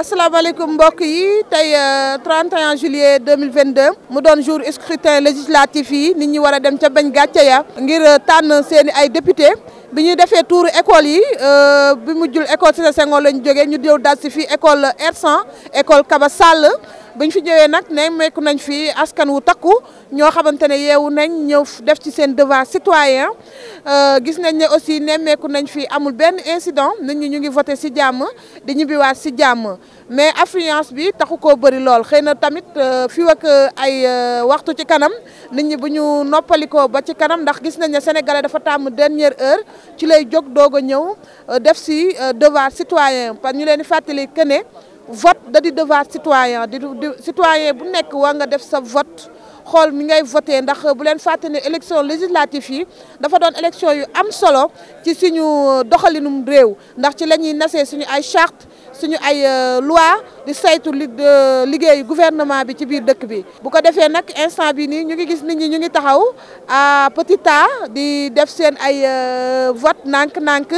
asalaamaaleykum mbokk yi tay 31 euh, juillet 2022 mu doon jour scrutin législatif yi nit ñi wara dem ci bañ gàcce ya ngir euh, tan seen ay député bi ñuy defee tuuru école yi euh bi mu jul école Cissé Senghor la ñu jógee ñu déw dal si fii école R100 école Kaba Sall biñ fi ñëwee nag ne meeku nañ fi askan wu takku ñoo xamante ne yeewu nañ ñëw def ci seen devoir citoyen euh, gis nañ ne aussi nemmeeku nañ fi amul benn incident nit ñi ñu ngi voté si jàmm di ñibbiwaat si jàmm mais affiance bi taxu koo bëri lool xëy na tamit euh, fii ak euh, ay waxtu ci kanam ni ñi bu ñu noppalikoo ba ci kanam ndax gis nañ ne sénégalais dafa tàmm dernière heure ci lay jóg doog a ñëw def si devoir citoyen par ñu leen di fàttali que vote da di devoir citoyen di citoyen bu nekk waa nga def sa vote xool mi ngay voté ndax bu leen fàtte ne élection législative yi dafa doon élection yu am solo ci suñu doxalinum réew ndax ci la ñuy nasee suñu ay charte suñu ay euh, loi di saytu li liggéeyu gouvernement bi ci biir dëkk bi bu ko defee nag instant bi nii ñu ngi gis ni ñi ñu ngi taxaw à petit di def seen ay euh, vote nànk-nànk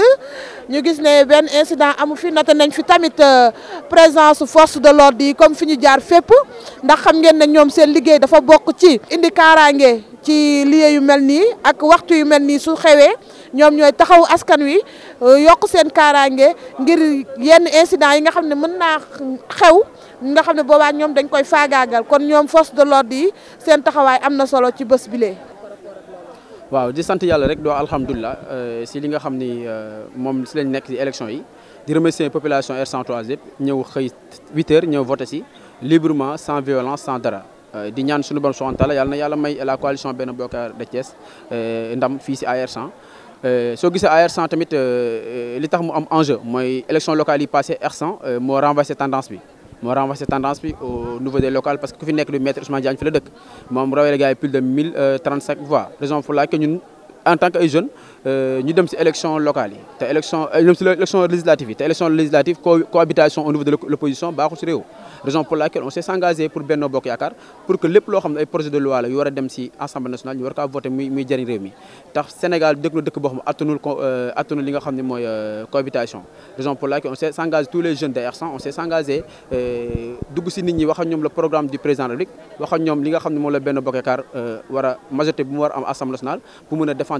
ñu gis ne benn incident amu fi noté nañ fi tamit euh, présence force de l'ordre yi comme fi ñu jaar fépp ndax xam ngeen ne ñoom seen liggéey dafa bokk ci indi kaaraange ci lieu yu mel nii ak waxtu yu mel nii su xewee ñoom ñooy taxaw askan wi euh, yokk seen kaaraange ngir yenn incident yi nga xam ne mën naa xew nga xamné boba ñom dañ koy faagaagal kon ñom force de l'ordre yi seen taxaway amna solo ci bëss bi lé waaw di sant yalla rek doo alhamdulilah ci euh, li nga xamni ni euh, moom si lañ nek si élection yi di remercier population R103 yëpp ñëw xëy 8h ñëw voter ci librement sans violence sans dara euh, di ñaan suñu borom subhanahu wa taala yàlla na yalla may la coalition benn bokkar de Thiès ndam fi ci AR100 ce qui AR100 enjeu locale passée R100 euh, renvoie cette tendance tendance au niveau des locales parce que je maître la plus de 1035 euh, voix raison pour laquelle en tant que jeunes nous euh, dem si élection locale yi te élection euh, dem élection législative yi législative cohabitation au niveau de l'opposition baaxul si réew raison pour laquelle on s'est engagé pour Benno Bokk pour que lépp loo projet de loi la yu war a dem assemblée nationale ñu war kaa voté muy muy réunis. le mi tax Sénégal dès que nous boo xam ne attanul euh, li nga cohabitation raison pour laquelle on s'est engagé tous les jeunes de r on s'est engagé dugg si nit ñi le programme du président de la République nous avons ñoom li nga la Benno Bokk majorité bu mu war am nationale pour nous défendre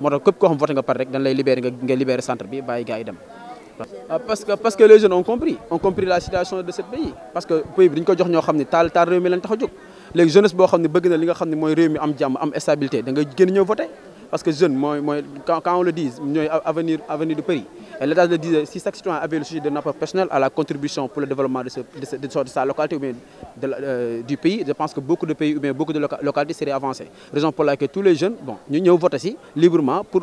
moto tax ko koo xam voté nga par rek dañ lay libérer nga nga libérer centre bi baye gaay dem ah, parce que parce que les jeunes ont compris ont compris la situation de ce pays parce que pays bi dañu ko jox ño xamni tal tal taal mi lañ tax a jóg léegi jeunesse boo xam bëgg na li nga xamni moy mooy mi am jamm am stabilité da nga gën ñëw voté parce que jeune moy moy quand on le dit ñoy avenir avenir du pays euh, le euh, si chaque citoyen avait le sujet de notre personnel à la contribution pour le développement de, de, de sa localité ou bien euh, du pays, je pense que beaucoup de pays ou bien beaucoup de localités seraient avancées. Raison pour laquelle tous les jeunes, bon, nous, nous votons ici librement pour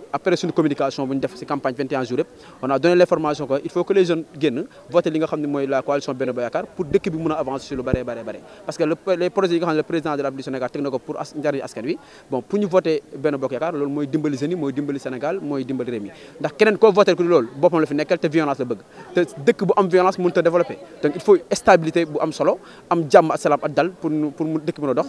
après une communication bu def ci campagne 21 jours on a donné l'information que il faut que les jeunes génn voter li nga xam ne la coalition Benno Bokk pour dëkk bi mën avancer sur lu baré bëree bëri parce que les projets yi nga le président de la République du Sénégal teg pour njariñ askan wi bon pour ñu voter Benno Bokk Yaakaar le mooy dimbali jeunes yi dimbali Sénégal mooy dimbali Rémi. mi ndax keneen koo voter ku loolu boppam la fi nekkal te violence la bëgg te dëkk bu am violence mënut a développer donc il faut stabilité bu am solo am jàmm ak salaam ak pour pour mu dëkk mën dox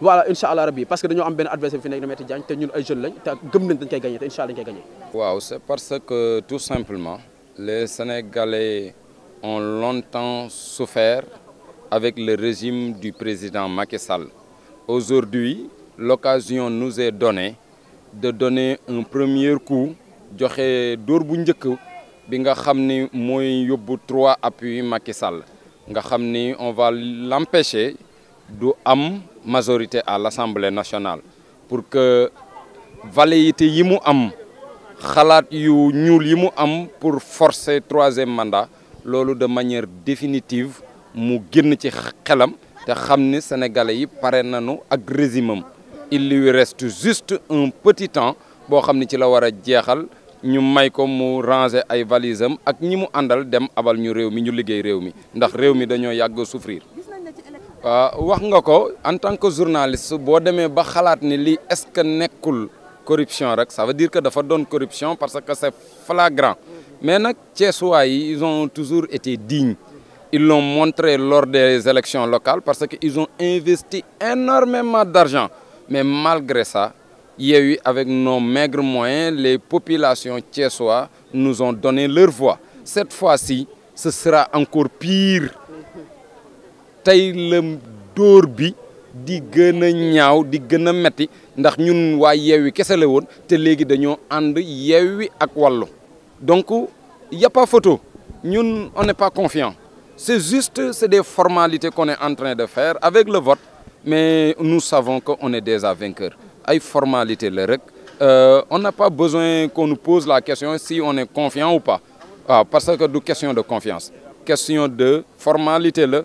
voilà Inch'Allah Rabbi.. parce que nous am un adversaire qui est venu.. Maître Diagne te ñun ay jeunes Et te gëm gagné te Inch'Allah dañ gagné. Wow, c'est parce que tout simplement les Sénégalais ont longtemps souffert avec le régime du président Macky Sall. Aujourd'hui, l'occasion nous est donnée de donner un premier coup de dóor bu njëkk bi nga xam ni mooy yóbbu trois appuis Macky Sall nga on va l'empêcher du am majorité à l'Assemblée nationale pour que valéité yimu am khalat yu ñuul yimu am pour forcer troisième mandat lolu de manière définitive mu génn ci xelam te xamni sénégalais yi paré nañu ak régime il lui reste juste un petit temps pour xamni ci la wara jéxal ñu may ko mu ranger ay valises ak ñimu andal dem abal ñu réew mi ñu liggéey réew mi ndax réew mi souffrir euh, en tant que journaliste je ba ni est-ce corruption ça veut dire que dafa la corruption parce que c'est flagrant mais les ils ont toujours été dignes ils l'ont montré lors des élections locales parce qu'ils ont investi énormément d'argent mais malgré ça y a eu avec nos maigres moyens les populations thiessois nous ont donné leur voix cette fois-ci ce sera encore pire donc le bi di a ñaaw di metti ndax ñun donc y a pas photo ñun on n'est pas confiant c'est juste c'est des formalités qu'on est en train de faire avec le vote mais nous savons qu'on est déjà vainqueur ay formalité le rek euh, on n'a pas besoin qu'on nous pose la question si on est confiant ou pas. Ah, parce que c'est question de confiance, question de formalité. le.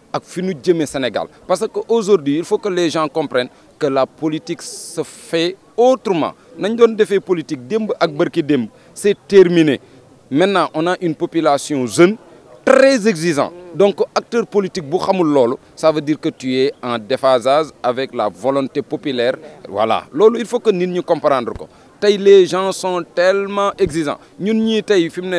ak Sénégal parce qu'aujourd'hui, il faut que les gens comprennent que la politique se fait autrement nañ doon des politique politiques. c'est terminé maintenant on a une population jeune très exigeante donc acteur politique ça veut dire que tu es en déphasage avec la volonté populaire voilà il faut que nous comprenions comprendre les gens sont tellement exigeants Nous, ñii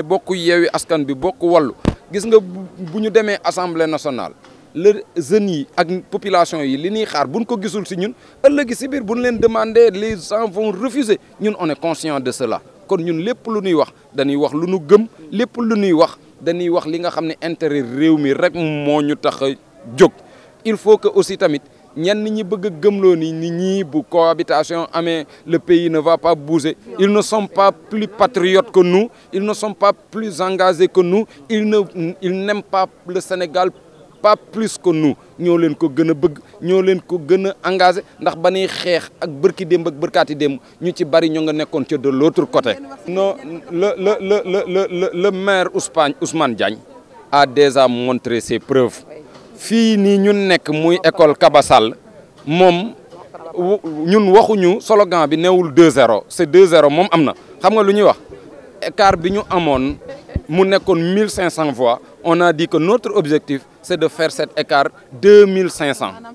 beaucoup de gens ne ont été askan bi de wallu gis assemblée nationale le jeunes ak population yi li ni xaar buñ ko gisul si ñun ëllëg buñ leen demander les vont refuser ñun on est conscient de cela kon ñun lépp lu ñuy wax dañuy wax lu ñu gëm lépp lu ñuy wax dañuy wax li nga intérêt il faut que aussi tamit ñenn ñi bëgg ni ñi cohabitation le pays ne va pas bouger ils ne sont pas plus patriotes que nous ils ne sont pas plus engagés que nous ils ne ils n'aiment pas le Sénégal pas plus que nous nous leen ko gëna bëgg ñoo leen ko gëna engagé ndax ba nuy ak barki démb ak barkati démb ñu ci bari ñoo nga nekkoon de l'autre côté. non le le le le le le maire Ousmane Ousmane Diagne a déjà montré ses preuves Fi ni ñun nekk muy école nous mom ñun waxuñu slogan bi newul 2-0 c'est 2-0 mom amna. xam nga lu wax écart bi ñu amoon mu nekkon 1500 voix on a dit que notre objectif c'est de faire cet écart 2500.